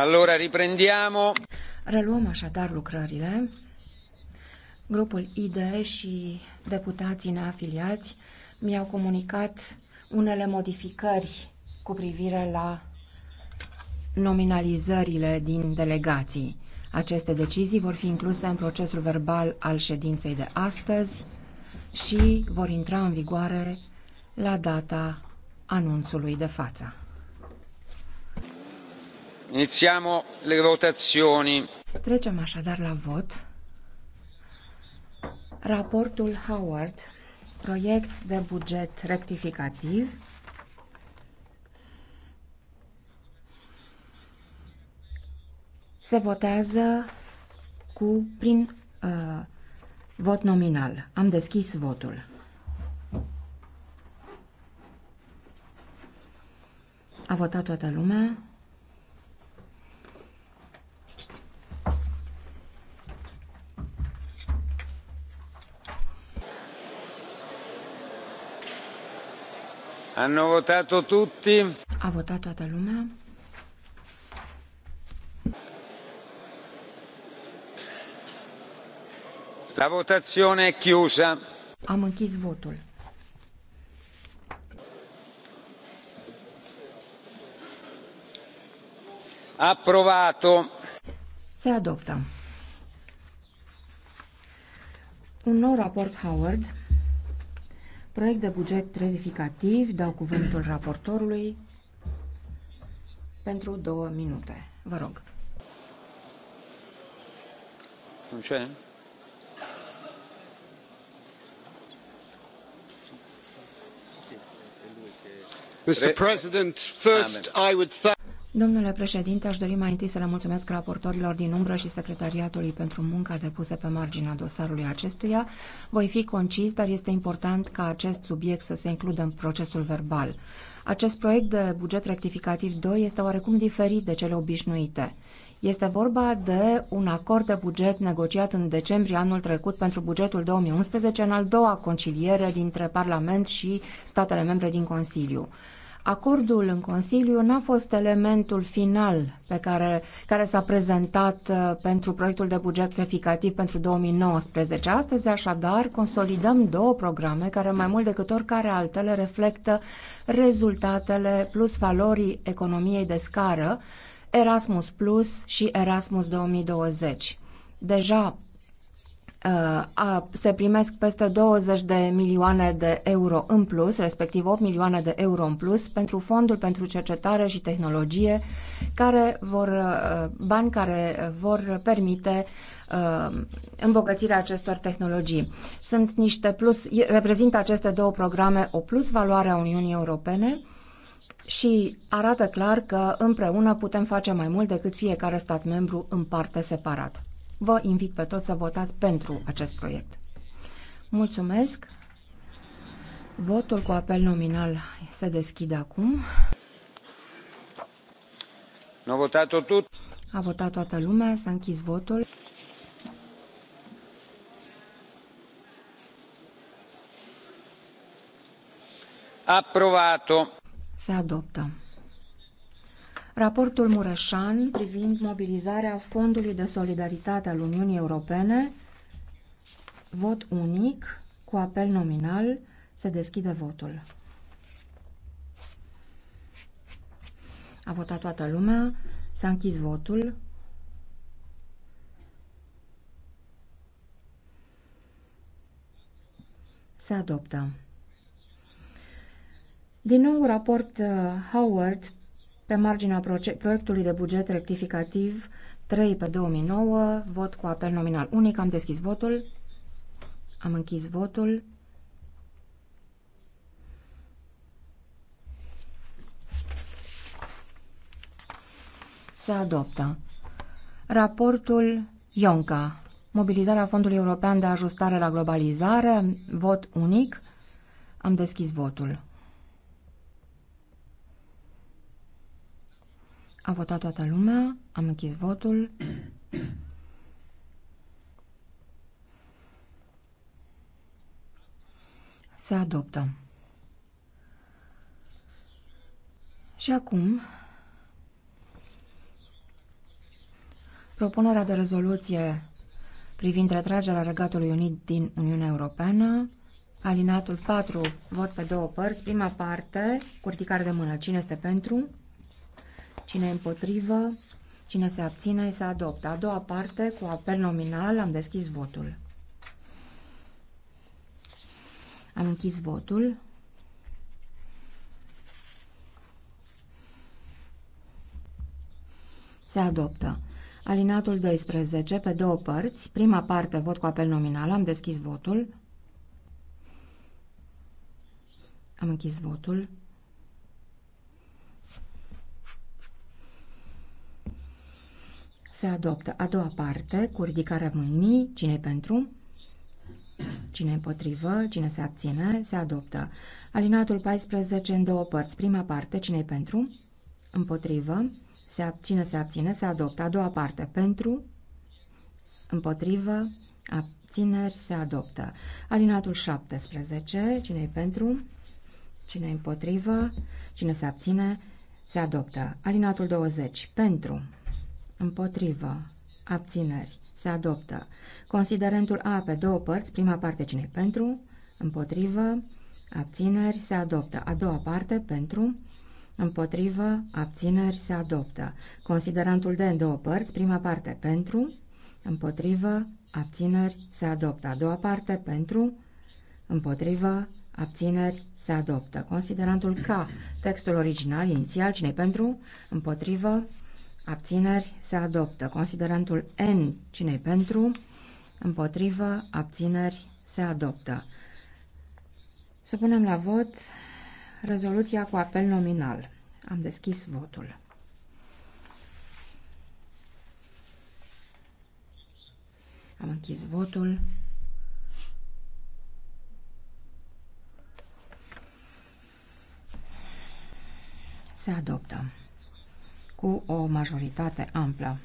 Allora riprendiamo. Reluăm așadar lucrările. Grupul IDE și deputații neafiliați mi-au comunicat unele modificări cu privire la nominalizările din delegații. Aceste decizii vor fi incluse în procesul verbal al ședinței de astăzi și vor intra în vigoare la data anunțului de față. Iniziamo le votazioni. Trecem așadar la vot. Raportul Howard, proiect de buget rectificativ. Se votează cu prin uh, vot nominal. Am deschis votul. A votat toată lumea. Hanno votato tutti. A votat toată lumea. La votazione è chiusa. Am închis votul. Approvato. Se adoptă. Un nou raport Howard Proiect de buget rectificativ, dau cuvântul raportorului pentru două minute. Vă rog. Ce? Mr. President, first I would thank Domnule președinte, aș dori mai întâi să le mulțumesc raportorilor din umbră și secretariatului pentru munca depusă pe marginea dosarului acestuia. Voi fi concis, dar este important ca acest subiect să se includă în procesul verbal. Acest proiect de buget rectificativ 2 este oarecum diferit de cele obișnuite. Este vorba de un acord de buget negociat în decembrie anul trecut pentru bugetul 2011 în al doua conciliere dintre Parlament și statele membre din Consiliu. Acordul în Consiliu n-a fost elementul final pe care, care s-a prezentat uh, pentru proiectul de buget verificativ pentru 2019. Astăzi, așadar, consolidăm două programe care mai mult decât oricare altele reflectă rezultatele plus valorii economiei de scară, Erasmus Plus și Erasmus 2020. Deja a, se primesc peste 20 de milioane de euro în plus, respectiv 8 milioane de euro în plus, pentru fondul pentru cercetare și tehnologie, care vor, bani care vor permite îmbogățirea acestor tehnologii. Sunt niște plus, reprezintă aceste două programe o plus valoare a Uniunii Europene și arată clar că împreună putem face mai mult decât fiecare stat membru în parte separat. Vă invit pe toți să votați pentru acest proiect. Mulțumesc. Votul cu apel nominal se deschide acum. A votat tot. A votat toată lumea, s-a închis votul. Aprovato. Se adoptă. Raportul Mureșan privind mobilizarea Fondului de Solidaritate al Uniunii Europene, vot unic, cu apel nominal, se deschide votul. A votat toată lumea, s-a închis votul. Se adoptă. Din nou, raport uh, Howard pe marginea proiectului de buget rectificativ 3 pe 2009, vot cu apel nominal unic, am deschis votul, am închis votul. Se adoptă. Raportul Ionca. Mobilizarea Fondului European de Ajustare la Globalizare, vot unic. Am deschis votul. A votat toată lumea, am închis votul. Se adoptă. Și acum, propunerea de rezoluție privind retragerea Regatului Unit din Uniunea Europeană, alinatul 4, vot pe două părți, prima parte, cu ridicare de mână, cine este pentru? Cine împotrivă? Cine se abține? Se adoptă. A doua parte, cu apel nominal, am deschis votul. Am închis votul. Se adoptă. Alinatul 12, pe două părți, prima parte, vot cu apel nominal, am deschis votul. Am închis votul. Se adoptă. A doua parte, cu ridicarea mâinii, cine pentru? Cine împotrivă? Cine se abține? Se adoptă. Alinatul 14 în două părți. Prima parte, cine pentru? Împotrivă. Se abține, se abține, se adoptă. A doua parte, pentru? Împotrivă. Abțineri, se adoptă. Alinatul 17, cine pentru? Cine împotrivă? Cine se abține? Se adoptă. Alinatul 20, pentru? Împotrivă. Abțineri. Se adoptă. Considerentul A pe două părți, prima parte cine pentru, împotrivă, abțineri, se adoptă. A doua parte pentru, împotrivă, abțineri, se adoptă. Considerentul D în două părți, prima parte pentru, împotrivă, abțineri, se adoptă. A doua parte pentru, împotrivă, Abțineri se adoptă. Considerantul K. Textul original, inițial, cine pentru? Împotrivă abțineri, se adoptă. Considerentul N, cine pentru, împotrivă, abțineri, se adoptă. Supunem la vot rezoluția cu apel nominal. Am deschis votul. Am închis votul. Se adoptă cu o majoritate amplă.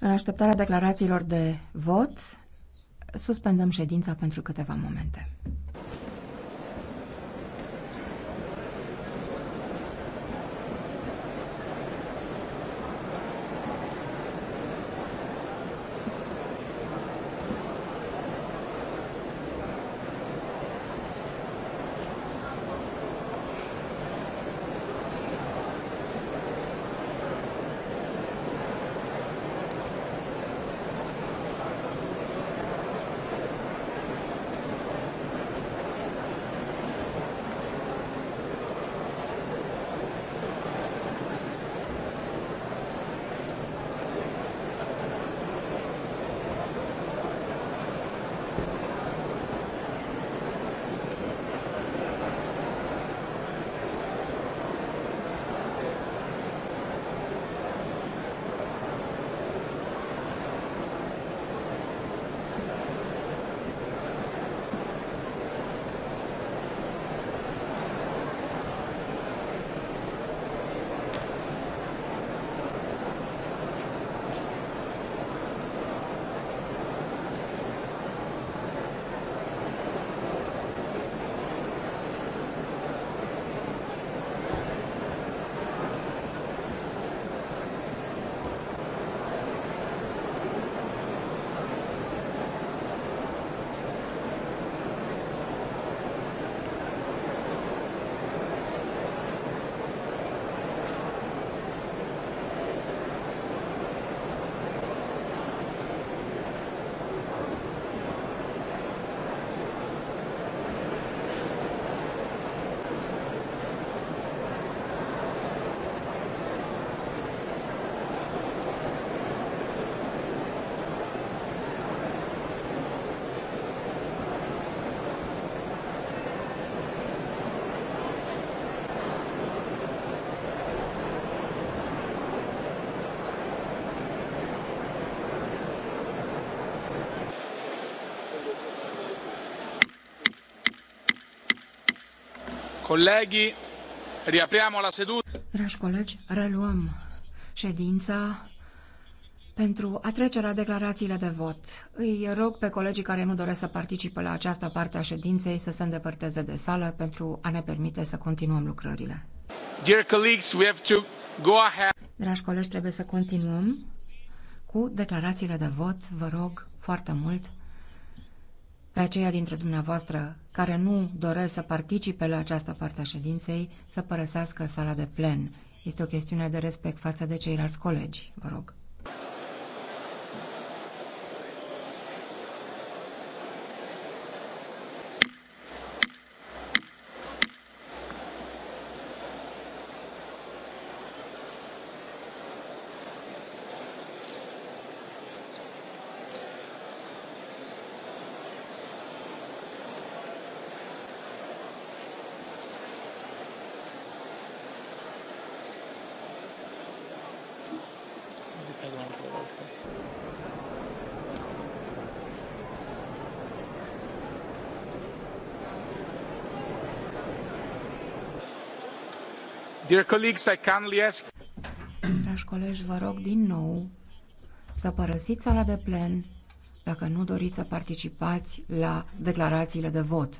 În așteptarea declarațiilor de vot, suspendăm ședința pentru câteva momente. Colleghi, riapriamo la seduta. Dragi colegi, reluăm ședința pentru a trece la declarațiile de vot. Îi rog pe colegii care nu doresc să participe la această parte a ședinței să se îndepărteze de sală pentru a ne permite să continuăm lucrările. Dear colleagues, we have to go ahead. Dragi colegi, trebuie să continuăm cu declarațiile de vot. Vă rog foarte mult pe aceia dintre dumneavoastră care nu doresc să participe la această parte a ședinței să părăsească sala de plen. Este o chestiune de respect față de ceilalți colegi, vă rog. Dear colleagues, I kindly ask... Dragi colegi, vă rog din nou să părăsiți sala de plen dacă nu doriți să participați la declarațiile de vot.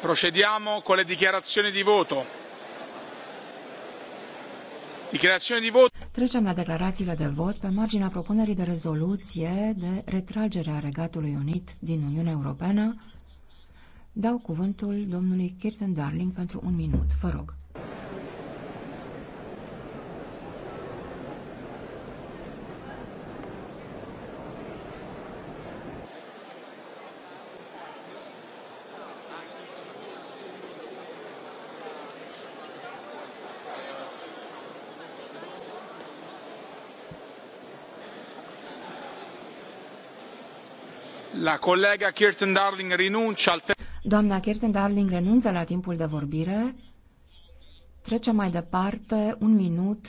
Procediamo con le dichiarazioni di voto. Trecem la declarațiile de vot pe marginea propunerii de rezoluție de retragere a Regatului Unit din Uniunea Europeană. Dau cuvântul domnului Kirsten Darling pentru un minut. Vă rog. La colega Kirsten Darling renunță al... Doamna Kirsten Darling renunță la timpul de vorbire. Trecem mai departe un minut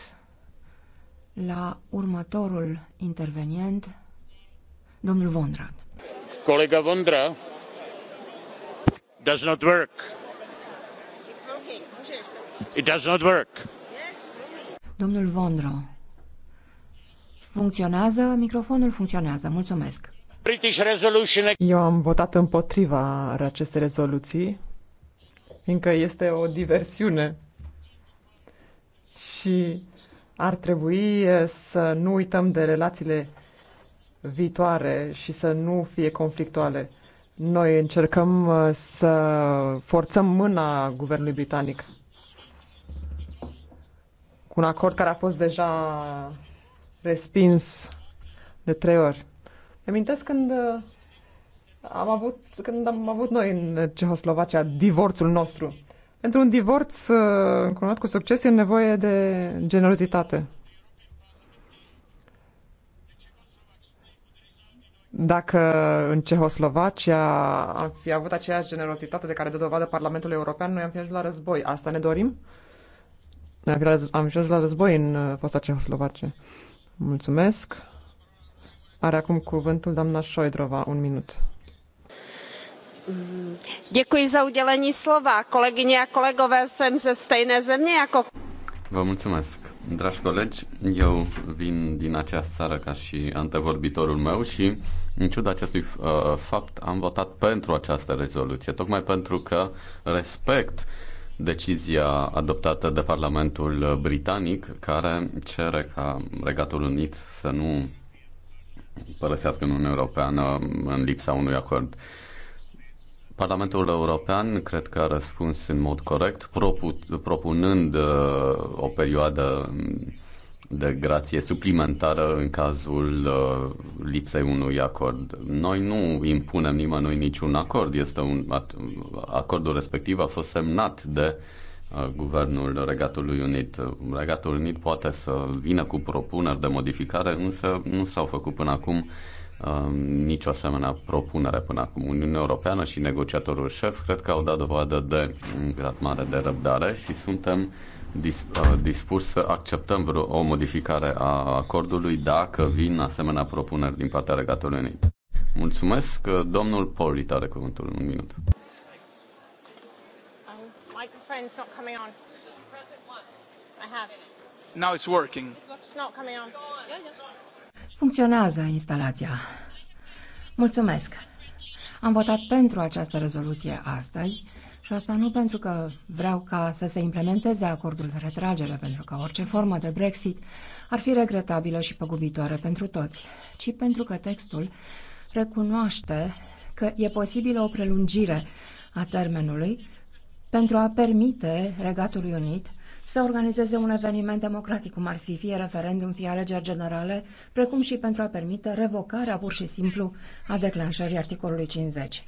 la următorul intervenient, domnul Vondrad. Colega Vondra, does not work. It does not work. Domnul Vondra, funcționează, microfonul funcționează, mulțumesc. Eu am votat împotriva acestei rezoluții, fiindcă este o diversiune și ar trebui să nu uităm de relațiile viitoare și să nu fie conflictuale. Noi încercăm să forțăm mâna guvernului britanic cu un acord care a fost deja respins de trei ori. Amintesc când uh, am avut, când am avut noi în Cehoslovacia divorțul nostru. Pentru un divorț uh, încununat cu succes e nevoie de generozitate. Dacă în Cehoslovacia am fi avut aceeași generozitate de care dă dovadă Parlamentul European, noi am fi ajuns la război. Asta ne dorim? Noi am fi ajuns la război în uh, fosta Cehoslovacia. Mulțumesc. Are acum cuvântul doamna Șoidrova, un minut. Děkuji za udělení slova. Kolegyně a kolegové, jsem ze stejné země jako... Vă mulțumesc. Dragi colegi, eu vin din această țară ca și antevorbitorul meu și, în ciuda acestui uh, fapt, am votat pentru această rezoluție, tocmai pentru că respect decizia adoptată de Parlamentul Britanic, care cere ca Regatul Unit să nu părăsească Uniunea Europeană în lipsa unui acord. Parlamentul European cred că a răspuns în mod corect, propunând uh, o perioadă de grație suplimentară în cazul uh, lipsei unui acord. Noi nu impunem nimănui niciun acord, este un, acordul respectiv a fost semnat de uh, Uh, guvernul Regatului Unit. Regatul Unit poate să vină cu propuneri de modificare, însă nu s-au făcut până acum uh, nicio asemenea propunere până acum. Uniunea Europeană și negociatorul șef cred că au dat dovadă de un grad mare de răbdare și suntem uh, dispus să acceptăm vreo o modificare a acordului dacă vin asemenea propuneri din partea Regatului Unit. Mulțumesc, domnul Polit are cuvântul, un minut phone's not coming on. I have. Now it's working. It's not coming on. Funcționează instalația. Mulțumesc. Am votat pentru această rezoluție astăzi și asta nu pentru că vreau ca să se implementeze acordul de retragere, pentru că orice formă de Brexit ar fi regretabilă și păgubitoare pentru toți, ci pentru că textul recunoaște că e posibilă o prelungire a termenului pentru a permite Regatului Unit să organizeze un eveniment democratic, cum ar fi fie referendum, fie alegeri generale, precum și pentru a permite revocarea pur și simplu a declanșării articolului 50.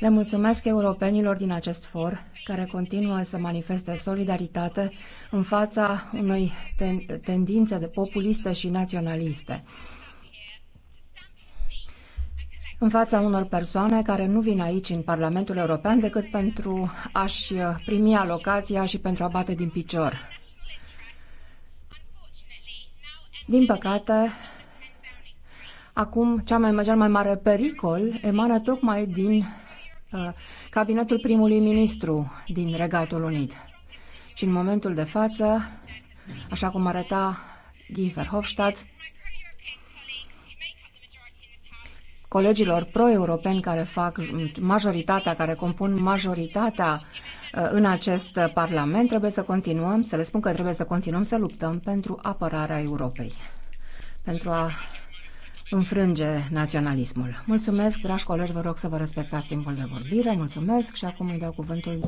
Le mulțumesc europenilor din acest for, care continuă să manifeste solidaritate în fața unei ten- tendințe populiste și naționaliste în fața unor persoane care nu vin aici în Parlamentul European decât pentru a-și primi alocația și pentru a bate din picior. Din păcate, acum cea mai, cel mai mare pericol emană tocmai din uh, cabinetul primului ministru din Regatul Unit. Și în momentul de față, așa cum arăta Guy Verhofstadt, colegilor pro-europeni care fac majoritatea, care compun majoritatea uh, în acest Parlament, trebuie să continuăm, să le spun că trebuie să continuăm să luptăm pentru apărarea Europei, pentru a înfrânge naționalismul. Mulțumesc, dragi colegi, vă rog să vă respectați timpul de vorbire, mulțumesc și acum îi dau cuvântul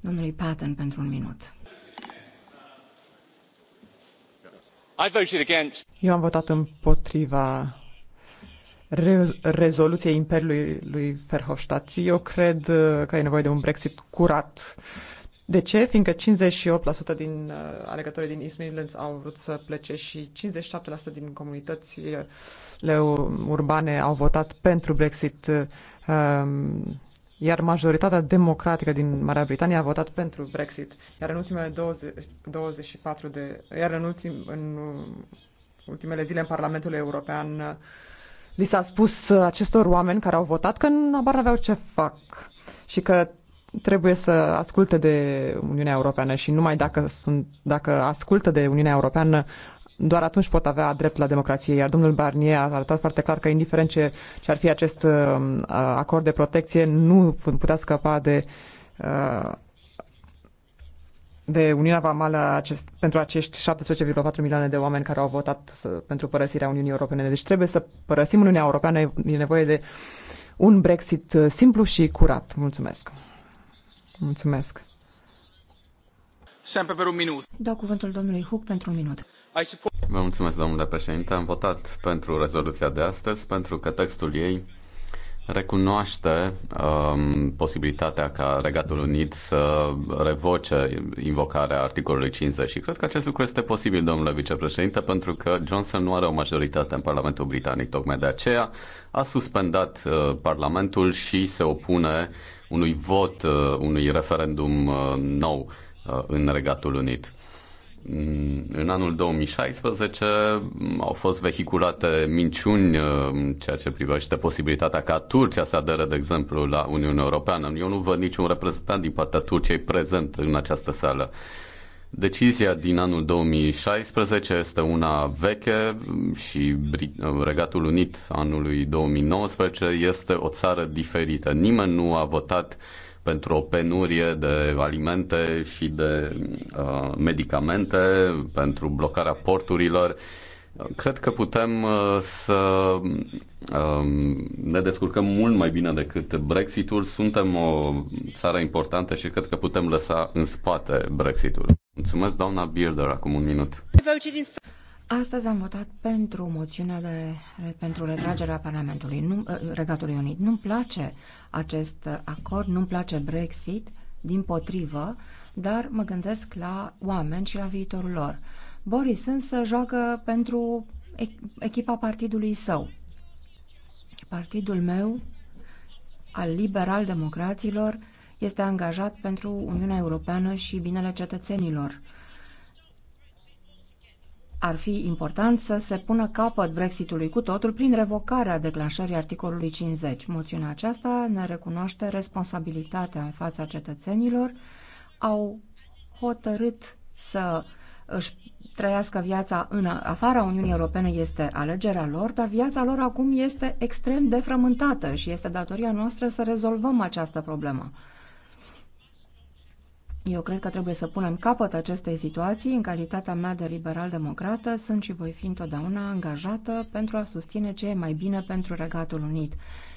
domnului Patton pentru un minut. Eu am votat împotriva re- rezoluției Imperiului lui Verhofstadt. Eu cred uh, că e nevoie de un Brexit curat. De ce? Fiindcă 58% din uh, alegătorii din East Midlands au vrut să plece și 57% din comunitățile urbane au votat pentru Brexit, uh, um, iar majoritatea democratică din Marea Britanie a votat pentru Brexit. Iar în ultimele 20, 24 de... iar în, ultim, în ultimele zile în Parlamentul European uh, li s-a spus acestor oameni care au votat că abar aveau ce fac și că trebuie să asculte de Uniunea Europeană și numai dacă, sunt, dacă ascultă de Uniunea Europeană doar atunci pot avea drept la democrație. Iar domnul Barnier a arătat foarte clar că, indiferent ce, ce ar fi acest uh, acord de protecție, nu putea scăpa de uh, de Uniunea Vamală acest, pentru acești 17,4 milioane de oameni care au votat să, pentru părăsirea Uniunii Europene. Deci trebuie să părăsim Uniunea Europeană, e nevoie de un Brexit uh, simplu și curat. Mulțumesc. Mulțumesc. Sempre per un minut. Dau cuvântul domnului Huc pentru un minut. Vă mulțumesc, domnule președinte. Am votat pentru rezoluția de astăzi pentru că textul ei recunoaște um, posibilitatea ca Regatul Unit să revoce invocarea articolului 50 și cred că acest lucru este posibil, domnule vicepreședinte, pentru că Johnson nu are o majoritate în Parlamentul Britanic. Tocmai de aceea a suspendat uh, Parlamentul și se opune unui vot, uh, unui referendum uh, nou uh, în Regatul Unit. Mm, în anul 2016 au fost vehiculate minciuni uh, în ceea ce privește posibilitatea ca Turcia să aderă, de exemplu, la Uniunea Europeană. Eu nu văd niciun reprezentant din partea Turciei prezent în această sală. Decizia din anul 2016 este una veche și uh, Regatul Unit anului 2019 este o țară diferită. Nimeni nu a votat uh, pentru o penurie de alimente și de uh, medicamente, pentru blocarea porturilor. Cred că putem uh, să uh, ne descurcăm mult mai bine decât Brexitul. Suntem o țară importantă și cred că putem lăsa în spate Brexitul. Mulțumesc, doamna Birder, acum un minut. Astăzi am votat pentru moțiunea de, pentru retragerea Parlamentului nu, ă, Regatului Unit. Nu-mi place acest acord, nu-mi place Brexit, din potrivă, dar mă gândesc la oameni și la viitorul lor. Boris însă joacă pentru echipa partidului său. Partidul meu, al liberal-democraților, este angajat pentru Uniunea Europeană și binele cetățenilor ar fi important să se pună capăt Brexitului cu totul prin revocarea declanșării articolului 50. Moțiunea aceasta ne recunoaște responsabilitatea în fața cetățenilor. Au hotărât să își trăiască viața în afara Uniunii Europene este alegerea lor, dar viața lor acum este extrem de frământată și este datoria noastră să rezolvăm această problemă. Eu cred că trebuie să punem capăt acestei situații. În calitatea mea de liberal-democrată sunt și voi fi întotdeauna angajată pentru a susține ce e mai bine pentru Regatul Unit.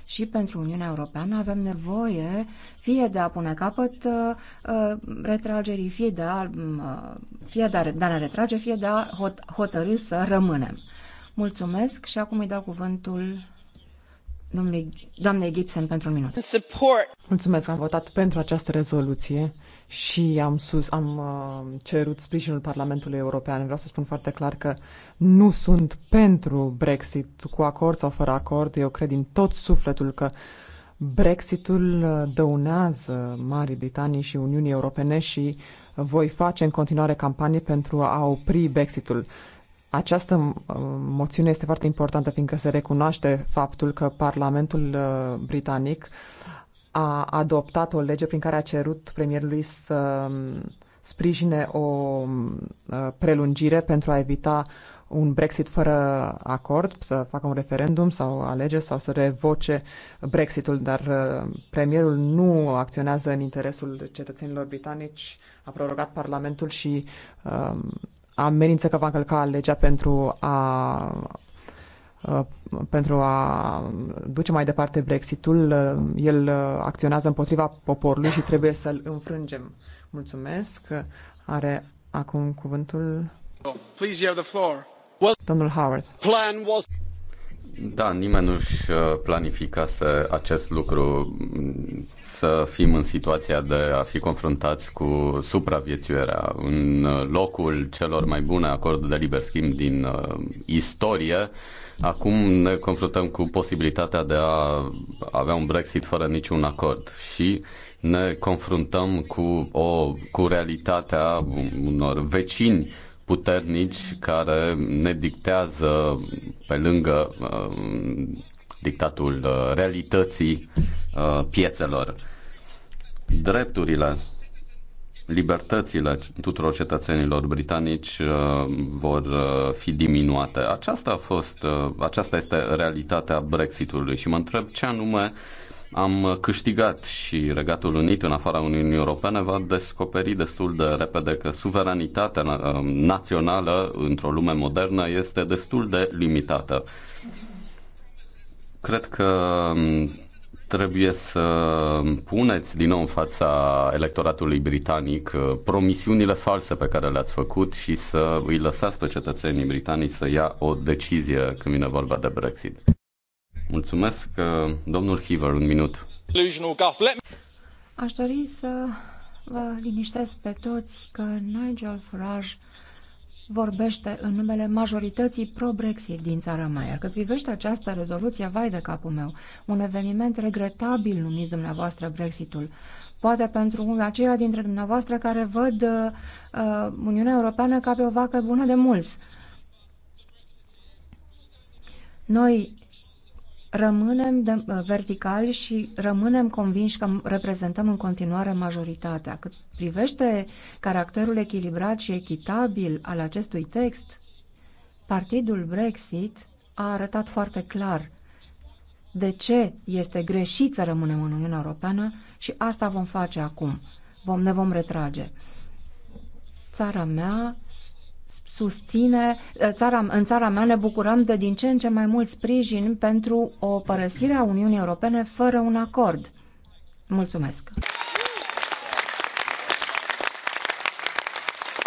Și pentru Uniunea Europeană avem nevoie fie de a pune capăt uh, uh retragerii, fie de a, uh, fie de a, de a ne retrage, fie de a hot, hotărâ să rămânem. Mulțumesc și acum îi dau cuvântul domnului, doamne Gibson pentru un minut. Support. Mulțumesc, am votat pentru această rezoluție și am, sus, am uh, cerut sprijinul Parlamentului European. Vreau să spun foarte clar că nu sunt pentru Brexit, cu acord sau fără acord. Eu cred din tot sufletul că Brexitul uh, dăunează Marii Britanii și Uniunii Europene și voi face în continuare campanie pentru a opri Brexitul. Această uh, moțiune este foarte importantă, fiindcă se recunoaște faptul că Parlamentul uh, Britanic a adoptat o lege prin care a cerut premierului să um, sprijine o um, uh, prelungire pentru a evita un Brexit fără acord, să facă un referendum sau alege sau să revoce Brexitul, dar premierul nu acționează în interesul cetățenilor britanici, a prorogat Parlamentul și um, amenință că va încălca legea pentru a pentru a duce mai departe Brexitul. El acționează împotriva poporului și trebuie să-l înfrângem. Mulțumesc. Are acum cuvântul. Domnul Howard. Da, nimeni nu-și uh, planificase acest lucru, să fim în situația de a fi confruntați cu supraviețuirea în uh, locul celor mai bune acorduri de liber schimb din uh, istorie. Acum ne confruntăm cu posibilitatea de a avea un Brexit fără niciun acord și ne confruntăm cu, o, cu realitatea unor vecini puternici care ne dictează pe lângă uh, dictatul uh, realității uh, piețelor. Drepturile, libertățile tuturor cetățenilor britanici vor fi diminuate. Aceasta a fost, aceasta este realitatea Brexitului și mă întreb ce anume am câștigat și Regatul Unit în afara Uniunii Europene va descoperi destul de repede că suveranitatea uh, națională într-o lume modernă este destul de limitată. Cred că um, trebuie să puneți din nou în fața electoratului britanic uh, promisiunile false pe care le-ați făcut și să îi lăsați pe cetățenii britanici să ia o decizie când vine vorba de Brexit. Mulțumesc, domnul Hiver, un minut. Aș dori să vă liniștesc pe toți că Nigel Farage vorbește în numele majorității pro-Brexit din țara mea, iar cât privește această rezoluție, vai de capul meu, un eveniment regretabil numit dumneavoastră Brexitul. Poate pentru aceia dintre dumneavoastră care văd uh, uh, Uniunea Europeană ca pe o vacă bună de mulți. Noi rămânem de, uh, verticali și rămânem convinși că reprezentăm în continuare majoritatea. Cât privește caracterul echilibrat și echitabil al acestui text, partidul Brexit a arătat foarte clar de ce este greșit să rămânem în Uniunea Europeană și asta vom face acum. Vom, ne vom retrage. Țara mea susține, eh, țara, în țara mea ne bucurăm de din ce în ce mai mult sprijin pentru o părăsire a Uniunii Europene fără un acord. Mulțumesc!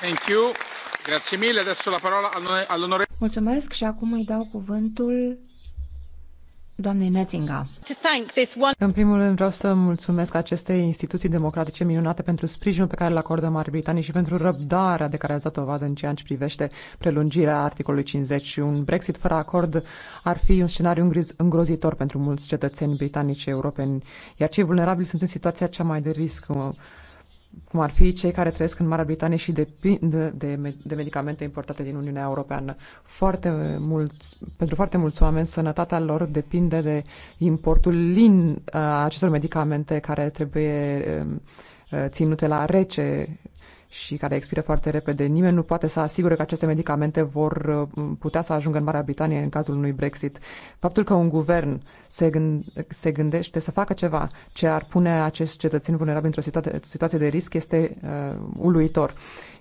Thank you. Grazie mille. Adesso la parola all'onorevole. Mulțumesc și acum îi dau cuvântul doamnei În primul rând vreau să mulțumesc acestei instituții democratice minunate pentru sprijinul pe care îl acordă Marii Britanii și pentru răbdarea de care ați dat dovadă în ceea ce privește prelungirea articolului 50. Un Brexit fără acord ar fi un scenariu îngrozitor pentru mulți cetățeni britanici europeni, iar cei vulnerabili sunt în situația cea mai de risc cum ar fi cei care trăiesc în Marea Britanie și depind de, de medicamente importate din Uniunea Europeană. Foarte mulți, pentru foarte mulți oameni, sănătatea lor depinde de importul lin a uh, acestor medicamente care trebuie um, uh, ținute la rece și care expiră foarte repede. Nimeni nu poate să asigure că aceste medicamente vor uh, putea să ajungă în Marea Britanie în cazul unui Brexit. Faptul că un guvern se, gând, se gândește să facă ceva ce ar pune acest cetățeni vulnerabil într-o situa- situație de risc este uh, uluitor.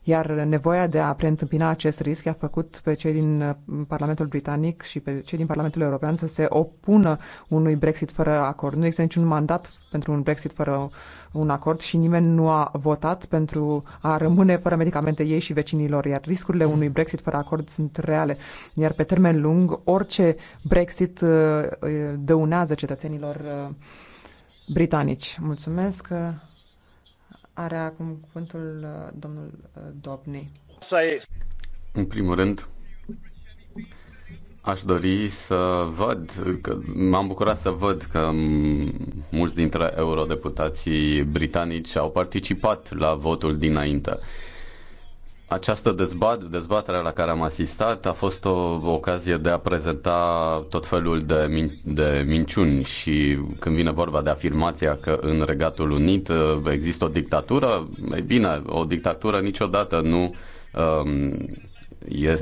Iar nevoia de a preîntâmpina acest risc a făcut pe cei din uh, Parlamentul Britanic și pe cei din Parlamentul European să se opună unui Brexit fără acord. Nu există niciun mandat pentru un Brexit fără un acord și nimeni nu a votat pentru a rămâne fără medicamente ei și vecinilor, iar riscurile mm. unui Brexit fără acord sunt reale. Iar pe termen lung, orice Brexit uh, uh, dăunează cetățenilor uh, britanici. Mulțumesc. Are acum cuvântul domnul Dobni. În primul rând, Aș dori să văd, că m-am bucurat să văd că mulți dintre eurodeputații britanici au participat la votul dinainte. Această dezbat, dezbatere la care am asistat a fost o ocazie de a prezenta tot felul de, min- de minciuni și când vine vorba de afirmația că în Regatul Unit uh, există o dictatură, e bine, o dictatură niciodată nu um,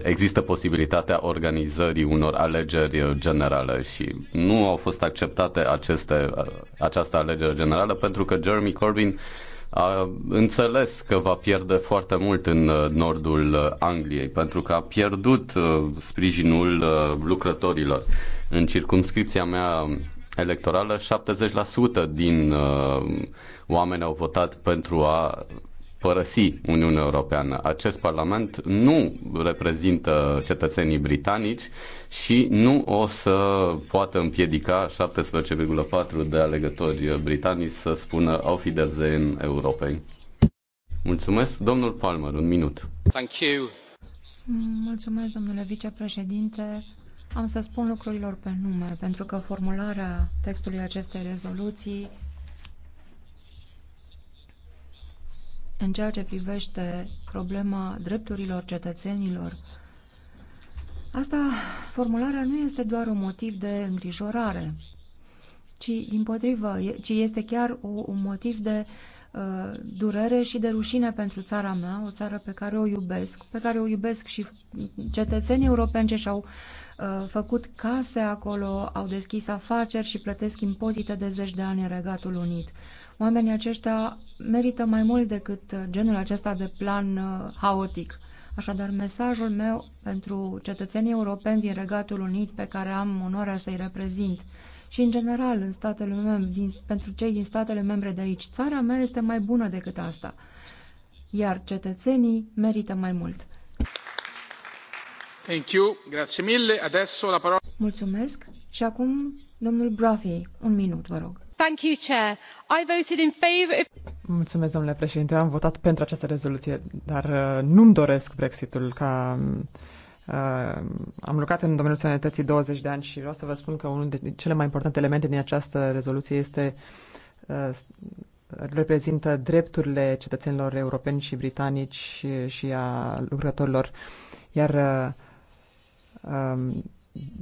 există posibilitatea organizării unor alegeri generale și nu au fost acceptate aceste, această alegere generală pentru că Jeremy Corbyn a înțeles că va pierde foarte mult în nordul Angliei pentru că a pierdut uh, sprijinul uh, lucrătorilor. În circumscripția mea electorală, 70% din uh, oameni au votat pentru a părăsi Uniunea Europeană. Acest Parlament nu reprezintă cetățenii britanici și nu o să poată împiedica 17,4 de alegători britanici să spună au fi în Europei. Mulțumesc, domnul Palmer, un minut. Thank you. Mulțumesc, domnule vicepreședinte. Am să spun lucrurilor pe nume, pentru că formularea textului acestei rezoluții În ceea ce privește problema drepturilor cetățenilor, asta, formularea nu este doar un motiv de îngrijorare, ci, din potrivă, ci este chiar o, un motiv de uh, Uh, durere și de rușine pentru țara mea, o țară pe care o iubesc, pe care o iubesc și cetățenii europeni ce și-au uh, făcut case acolo, au deschis afaceri și plătesc impozite de zeci de ani în Regatul Unit. Oamenii aceștia merită mai mult decât uh, genul acesta de plan haotic. Așadar, mesajul meu pentru cetățenii europeni din Regatul Unit, pe care am onoarea să-i reprezint, și, în general, în statele mem- din, pentru cei din statele membre de aici. Țara mea este mai bună decât asta, iar cetățenii merită mai mult. Thank you. Grazie mille. Adesso la parola... Mulțumesc. Și acum, domnul Brophy, un minut, vă rog. Thank you, Chair. I voted in favor of... Mulțumesc, domnule președinte. Am votat pentru această rezoluție, dar uh, nu-mi doresc Brexitul ca um, Uh, am lucrat în domeniul sănătății 20 de ani și vreau să vă spun că unul dintre cele mai importante elemente din această rezoluție este uh, reprezintă drepturile cetățenilor europeni și britanici și, și a lucrătorilor, iar uh, um,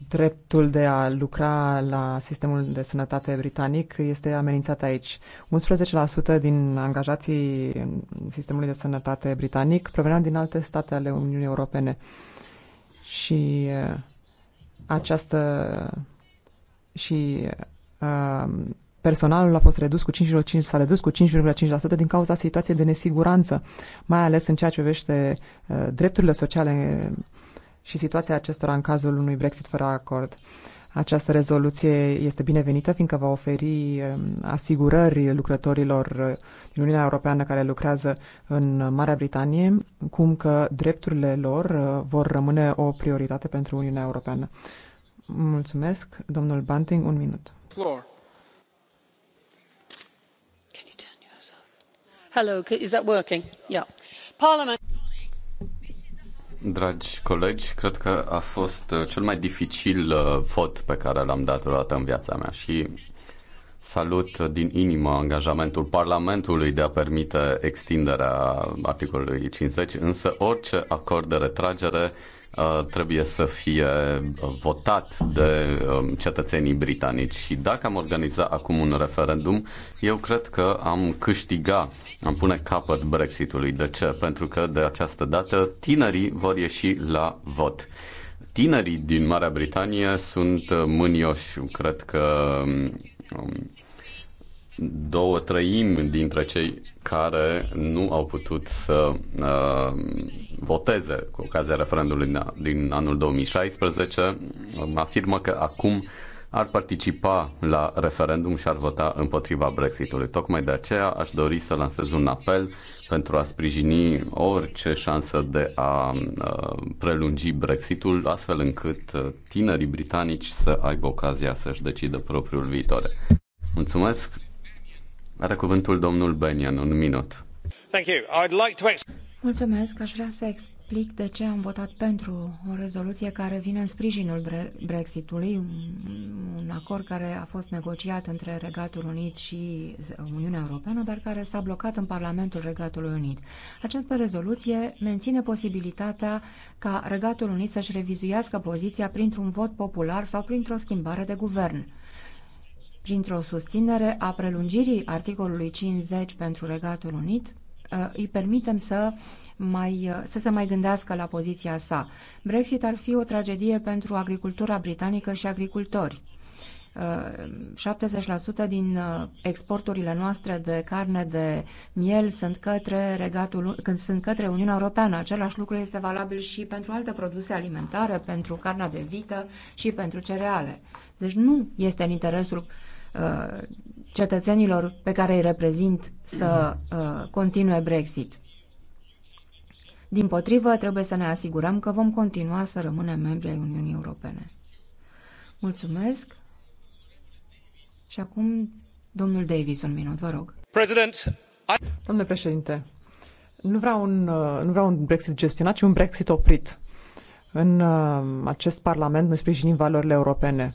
dreptul de a lucra la sistemul de sănătate britanic este amenințat aici. 11% din angajații sistemului de sănătate britanic proveneau din alte state ale Uniunii Europene. Uh, și uh, această și uh, personalul a fost redus cu 5,5, s-a redus cu 5,5% din cauza situației de nesiguranță, mai ales în ceea ce privește uh, drepturile sociale și situația acestora în cazul unui Brexit fără acord. Această rezoluție este binevenită fiindcă va oferi um, asigurări lucrătorilor uh, din Uniunea Europeană care lucrează în Marea Britanie, cum că drepturile lor uh, vor rămâne o prioritate pentru Uniunea Europeană. Mulțumesc. Domnul Banting, un minut. Floor. Hello, is that working? Yeah. Parliament. Dragi colegi, cred că a fost uh, cel mai dificil uh, vot pe care l-am dat vreodată în viața mea și Salut din inimă angajamentul Parlamentului de a permite extinderea articolului 50, însă orice acord de retragere uh, trebuie să fie uh, votat de um, cetățenii britanici. Și dacă am organiza acum un referendum, eu cred că am câștiga, am pune capăt Brexitului. De ce? Pentru că de această dată tinerii vor ieși la vot. Tinerii din Marea Britanie sunt uh, mânioși, cred că um, Um, două trăimi dintre cei care nu au putut să uh, voteze cu ocazia referendului din anul 2016 um, afirmă că acum ar participa la referendum și ar vota împotriva Brexitului. Tocmai de aceea aș dori să lansez un apel pentru a sprijini orice șansă de a prelungi Brexitul, astfel încât tinerii britanici să aibă ocazia să-și decidă propriul viitor. Mulțumesc. Are cuvântul domnul Benian, un minut. Mulțumesc. Aș vrea să exp- explic de ce am votat pentru o rezoluție care vine în sprijinul Bre Brexitului, un acord care a fost negociat între Regatul Unit și Uniunea Europeană, dar care s-a blocat în Parlamentul Regatului Unit. Această rezoluție menține posibilitatea ca Regatul Unit să-și revizuiască poziția printr-un vot popular sau printr-o schimbare de guvern printr-o susținere a prelungirii articolului 50 pentru Regatul Unit, uh, îi permitem să mai, să se mai gândească la poziția sa. Brexit ar fi o tragedie pentru agricultura britanică și agricultori. 70% uh, din uh, exporturile noastre de carne de miel sunt către regatul, când sunt către Uniunea Europeană. Același lucru este valabil și pentru alte produse alimentare, pentru carnea de vită și pentru cereale. Deci nu este în interesul uh, cetățenilor pe care îi reprezint să uh, continue Brexit. Din potrivă, trebuie să ne asigurăm că vom continua să rămânem membri ai Uniunii Europene. Mulțumesc. Și acum, domnul Davis, un minut, vă rog. President, I... Domnule președinte, nu vreau, un, nu vreau un Brexit gestionat, ci un Brexit oprit. În uh, acest Parlament noi sprijinim valorile europene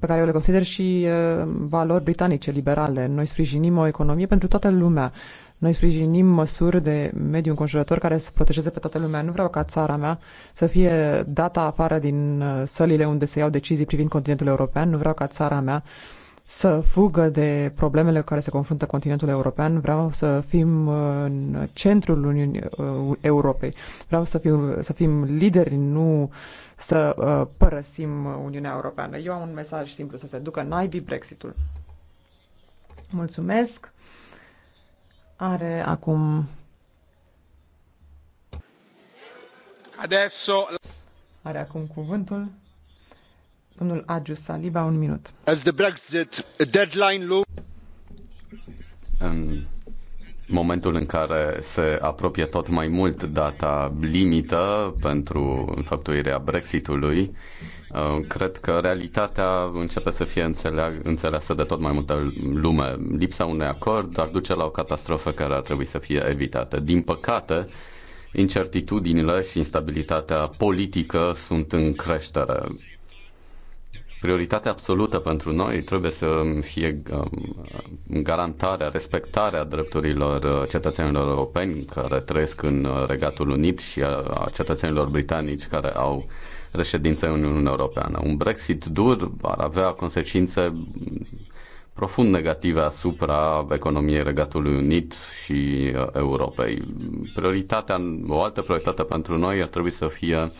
pe care eu le consider și uh, valori britanice, liberale. Noi sprijinim o economie pentru toată lumea noi sprijinim măsuri de mediu înconjurător care să protejeze pe toată lumea. Nu vreau ca țara mea să fie data afară din uh, sălile unde se iau decizii privind continentul european. Nu vreau ca țara mea să fugă de problemele cu care se confruntă continentul european. Vreau să fim uh, în centrul Uniunii uh, Europei. Vreau să fim, să fim lideri, nu să părăsim Uniunea Europeană. Eu am un mesaj simplu, să se ducă naibii Brexitul. Mulțumesc! Are acum... Adesso... Are acum cuvântul domnul Agius Saliba, un minut. As the Brexit deadline low... Um momentul în care se apropie tot mai mult data limită pentru înfăptuirea Brexitului, Uh, cred că realitatea începe să fie înțeleasă de tot mai multă lume. Lipsa unui acord ar duce la o catastrofă care ar trebui să fie evitată. Din păcate, incertitudinile și instabilitatea politică sunt în creștere. Prioritatea absolută pentru noi trebuie să fie um, garantarea, respectarea drepturilor uh, cetățenilor europeni care trăiesc în uh, Regatul Unit și uh, a cetățenilor britanici care au reședință în Uniunea Europeană. Un Brexit dur ar avea consecințe profund negative asupra economiei Regatului Unit și Europei. Prioritatea, o altă prioritate pentru noi ar trebui să fie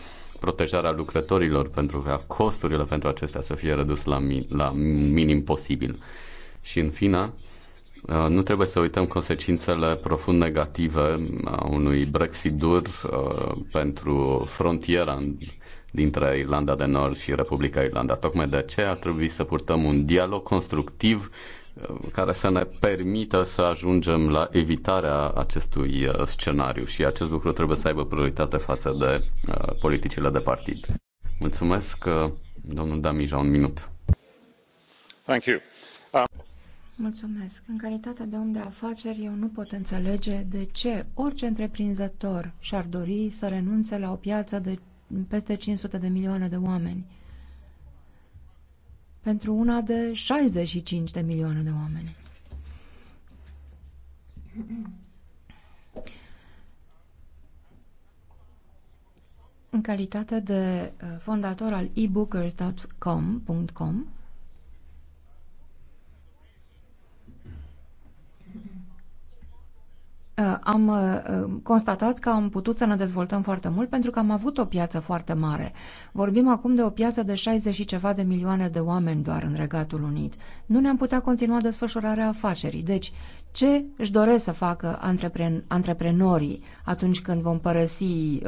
protejarea lucrătorilor pentru ca costurile pentru acestea să fie reduse la, mi- la minim posibil. Și în fine, uh, nu trebuie să uităm consecințele profund negative a uh, unui Brexit dur uh, pentru frontiera dintre Irlanda de Nord și Republica Irlanda. Tocmai de aceea trebuie să purtăm un dialog constructiv care să ne permită să ajungem la evitarea acestui uh, scenariu și acest lucru trebuie să aibă prioritate față de uh, politicile de partid. Mulțumesc, uh, domnul Damija, un minut. Thank you. Um, Mulțumesc. În calitate de om de afaceri, eu nu pot înțelege de ce orice întreprinzător și-ar dori să renunțe la o piață de peste 500 de milioane de oameni pentru una de 65 de milioane de oameni. În calitate de uh, fondator al ebookers.com.com, Uh, am uh, uh, constatat că am putut să ne dezvoltăm foarte mult pentru că am avut o piață foarte mare. Vorbim acum de o piață de 60 și ceva de milioane de oameni doar în Regatul Unit. Nu ne-am putea continua desfășurarea afacerii. Deci, ce își doresc să facă antrepren- antreprenorii atunci când vom părăsi uh,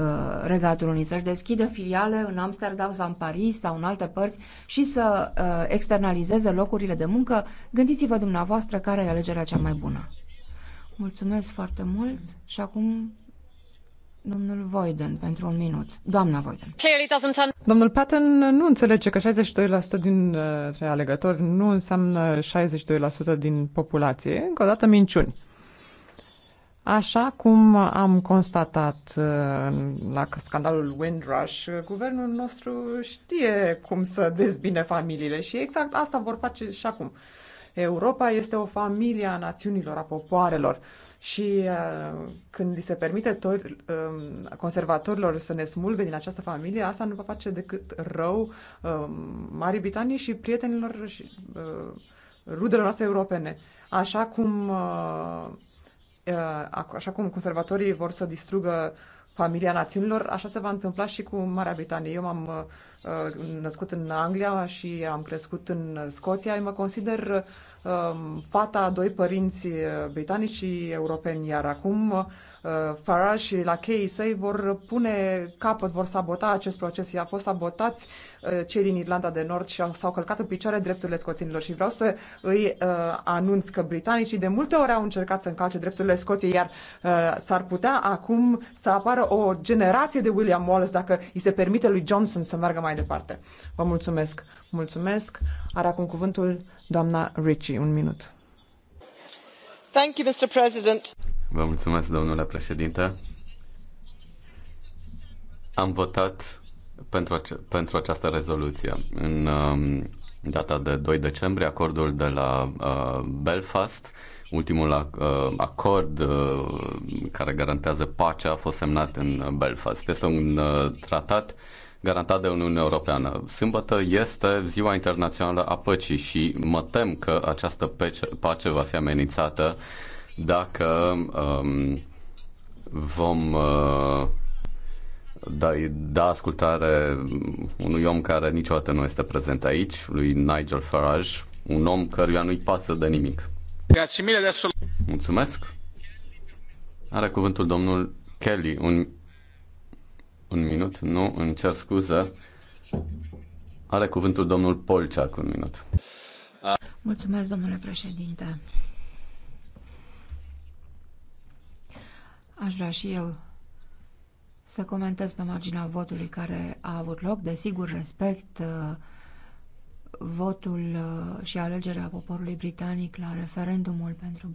Regatul Unit? Să-și deschidă filiale în Amsterdam sau în Paris sau în alte părți și să uh, externalizeze locurile de muncă? Gândiți-vă dumneavoastră care e alegerea cea mai bună. Mulțumesc foarte mult și acum domnul Voiden pentru un minut. Doamna Voiden. Domnul Patton nu înțelege că 62% din uh, alegători nu înseamnă 62% din populație. Încă o dată minciuni. Așa cum am constatat uh, la scandalul Windrush, guvernul nostru știe cum să dezbine familiile și exact asta vor face și acum. Europa este o familie a națiunilor, a popoarelor și uh, când li se permite to- uh, um, conservatorilor să ne smulgă din această familie, asta nu va face decât rău uh, Marii Britanii și prietenilor și uh, rudelor noastre europene. Așa cum, uh, uh, așa cum conservatorii vor să distrugă familia națiunilor, așa se va întâmpla și cu Marea Britanie. Eu m-am uh, născut în Anglia și am crescut în Scoția. Eu mă consider Um, fata a doi părinți britanici și europeni, iar acum Uh, Farage și la cheii săi vor pune capăt, vor sabota acest proces. I-a fost sabotați uh, cei din Irlanda de Nord și s-au călcat în picioare drepturile scoținilor și vreau să îi uh, anunț că britanicii de multe ori au încercat să încalce drepturile Scoției, iar uh, s-ar putea acum să apară o generație de William Wallace dacă îi se permite lui Johnson să meargă mai departe. Vă mulțumesc. Mulțumesc. Are acum cuvântul doamna Ritchie. Un minut. Thank you, Mr. President. Vă mulțumesc, domnule președinte. Am votat pentru, ace- pentru această rezoluție. În uh, data de 2 decembrie, acordul de la uh, Belfast, ultimul uh, acord uh, care garantează pacea, a fost semnat în Belfast. Este un uh, tratat garantat de Uniunea Europeană. Sâmbătă este Ziua Internațională a Păcii și mă tem că această pace va fi amenințată uh, dacă um, vom uh, da, da ascultare unui om care niciodată nu este prezent aici, lui Nigel Farage, un om căruia nu-i pasă de nimic. Mulțumesc. Are cuvântul domnul Kelly. Un, un minut, nu, îmi cer scuze. Are cuvântul domnul Polceac, un minut. Mulțumesc, domnule președinte. Aș vrea și eu să comentez pe marginea votului care a avut loc. Desigur, respect uh, votul uh, și alegerea poporului britanic la referendumul pentru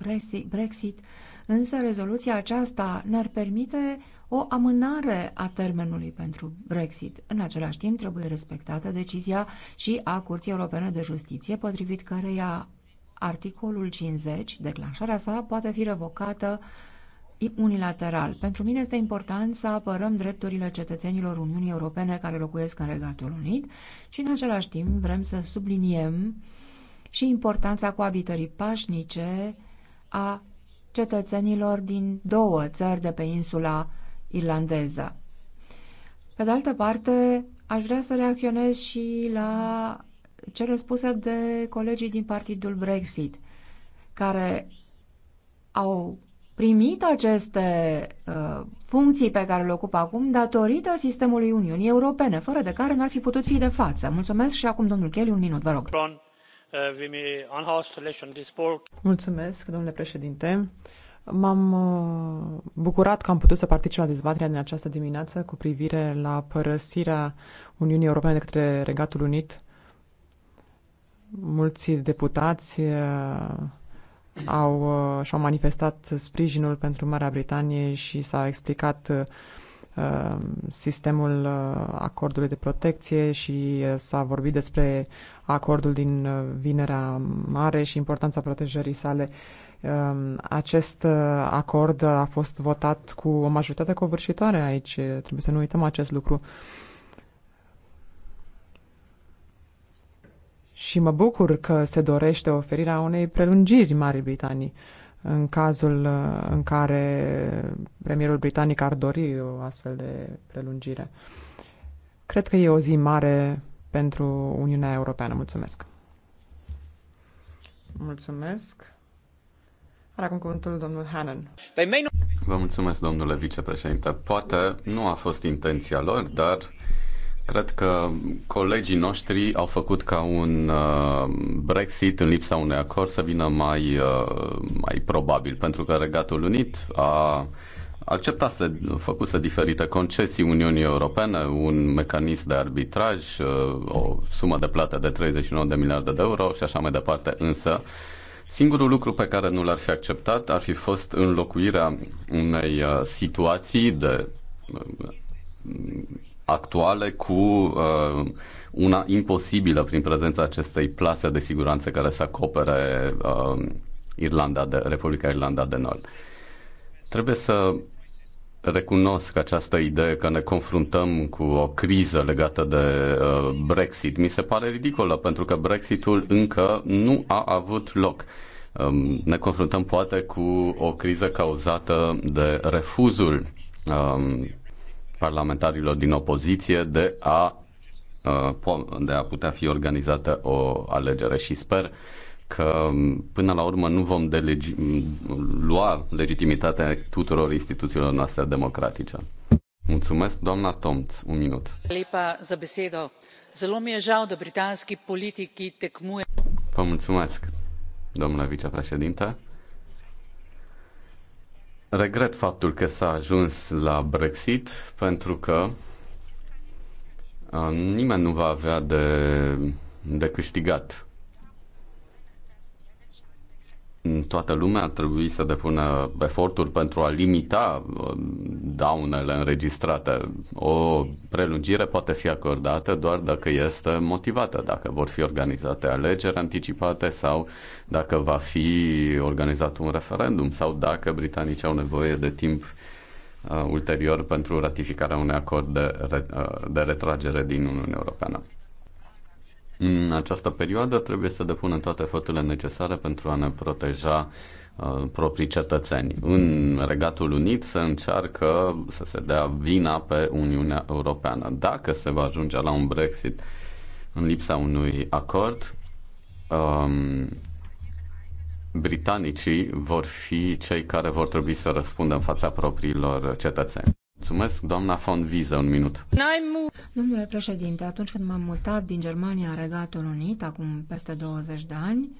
Brexit, însă rezoluția aceasta ne-ar permite o amânare a termenului pentru Brexit. În același timp, trebuie respectată decizia și a Curții Europene de Justiție, potrivit căreia articolul 50, declanșarea sa, poate fi revocată uh, unilateral. Pentru mine este important să apărăm drepturile cetățenilor Uniunii Europene care locuiesc în Regatul Unit și în același timp vrem să subliniem și importanța coabitării pașnice a cetățenilor din două țări de pe insula irlandeză. Pe de altă parte, aș vrea să reacționez și la cele spuse de colegii din partidul Brexit, care au primit aceste uh, funcții pe care le ocupă acum datorită sistemului Uniunii Europene, fără de care n-ar fi putut fi de față. Mulțumesc și acum, domnul Kelly, un minut, vă rog. Mulțumesc, domnule președinte. M-am uh, bucurat că am putut să particip la dezbaterea din această dimineață cu privire la părăsirea Uniunii Europene de către Regatul Unit. Mulți deputați uh, au, uh, și-au manifestat sprijinul pentru Marea Britanie și s-a explicat uh, sistemul uh, acordului de protecție și s-a vorbit despre acordul din Vinerea Mare și importanța protejării sale. Um, acest acord a fost votat cu o majoritate covârșitoare aici, trebuie să nu uităm acest lucru. și mă bucur că se dorește oferirea unei prelungiri Marii Britanii în cazul uh, în care premierul britanic ar dori o astfel de prelungire. Cred că e o zi mare pentru Uniunea Europeană. Mulțumesc! Mulțumesc! Are acum cuvântul domnul Hannan. Vă mulțumesc, domnule vicepreședinte. Poate nu a fost intenția lor, dar Cred că colegii noștri au făcut ca un uh, Brexit în lipsa unui acord să vină mai, uh, mai probabil, pentru că Regatul Unit a acceptat să făcuse diferite concesii Uniunii Europene, un mecanism de arbitraj, uh, o sumă de plată de 39 de miliarde de euro și așa mai departe, însă Singurul lucru pe care nu l-ar fi acceptat ar fi fost înlocuirea unei situații de actuale cu uh, una imposibilă prin prezența acestei plase de siguranță care să acopere uh, Irlanda de, Republica Irlanda de Nord. Trebuie să recunosc această idee că ne confruntăm cu o criză legată de uh, Brexit. Mi se pare ridicolă pentru că Brexitul încă nu a avut loc. Um, ne confruntăm poate cu o criză cauzată de refuzul um, parlamentarilor din opoziție de a, uh, de a putea fi organizată o alegere și sper că până la urmă nu vom delegi- lua legitimitatea tuturor instituțiilor noastre democratice. Mulțumesc, doamna Tomț, un minut. mi da Vă mulțumesc, domnule vicepreședinte. Regret faptul că s-a ajuns la Brexit pentru că uh, nimeni nu va avea de, de câștigat toată lumea ar trebui să depună eforturi pentru a limita uh, daunele înregistrate. O prelungire poate fi acordată doar dacă este motivată, dacă vor fi organizate alegeri anticipate sau dacă va fi organizat un referendum sau dacă britanicii au nevoie de timp uh, ulterior pentru ratificarea unui acord de, re, uh, de retragere din Uniunea Europeană. În această perioadă trebuie să depunem toate eforturile necesare pentru a ne proteja uh, proprii cetățeni. În Regatul Unit se încearcă să se dea vina pe Uniunea Europeană. Dacă se va ajunge la un Brexit în lipsa unui acord, um, britanicii vor fi cei care vor trebui să răspundă în fața propriilor cetățeni. Mulțumesc, doamna von Viză, un minut. Domnule președinte, atunci când m-am mutat din Germania în Regatul Unit, acum peste 20 de ani,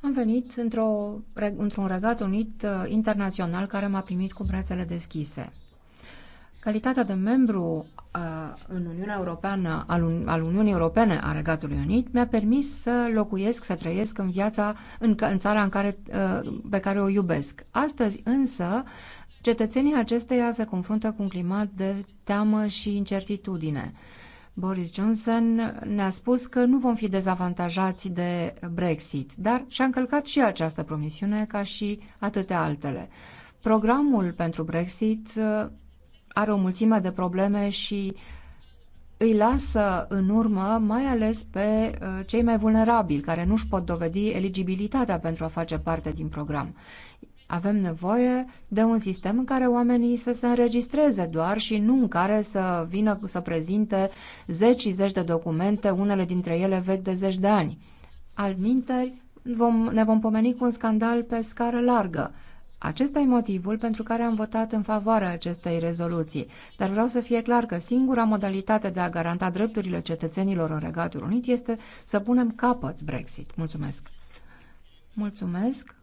am venit într-o, într-un Regat Unit uh, internațional care m-a primit cu brațele deschise. Calitatea de membru uh, în Uniunea Europeană, al, Uni al Uniunii Europene a Regatului Unit, mi-a permis să locuiesc, să trăiesc în viața, în, în țara în care, uh, pe care o iubesc. Astăzi însă Cetățenii acesteia se confruntă cu un climat de teamă și incertitudine. Boris Johnson ne-a spus că nu vom fi dezavantajați de Brexit, dar și-a încălcat și această promisiune ca și atâtea altele. Programul pentru Brexit uh, are o mulțime de probleme și îi lasă în urmă mai ales pe uh, cei mai vulnerabili, care nu își pot dovedi eligibilitatea pentru a face parte din program. Avem nevoie de un sistem în care oamenii să se înregistreze doar și nu în care să vină să prezinte zeci și zeci de documente, unele dintre ele vechi de zeci de ani. Alminteri, vom, ne vom pomeni cu un scandal pe scară largă. Acesta e motivul pentru care am votat în favoarea acestei rezoluții, dar vreau să fie clar că singura modalitate de a garanta drepturile cetățenilor în Regatul Unit este să punem capăt Brexit. Mulțumesc! Mulțumesc!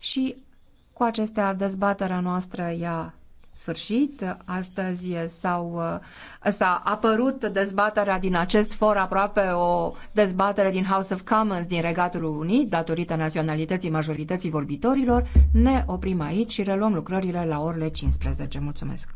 Și cu acestea dezbaterea noastră ia sfârșit. Astăzi s-au, uh, s-a apărut dezbaterea din acest for aproape o dezbatere din House of Commons din Regatul Unit, datorită naționalității majorității vorbitorilor. Ne oprim aici și reluăm lucrările la orele 15. Mulțumesc!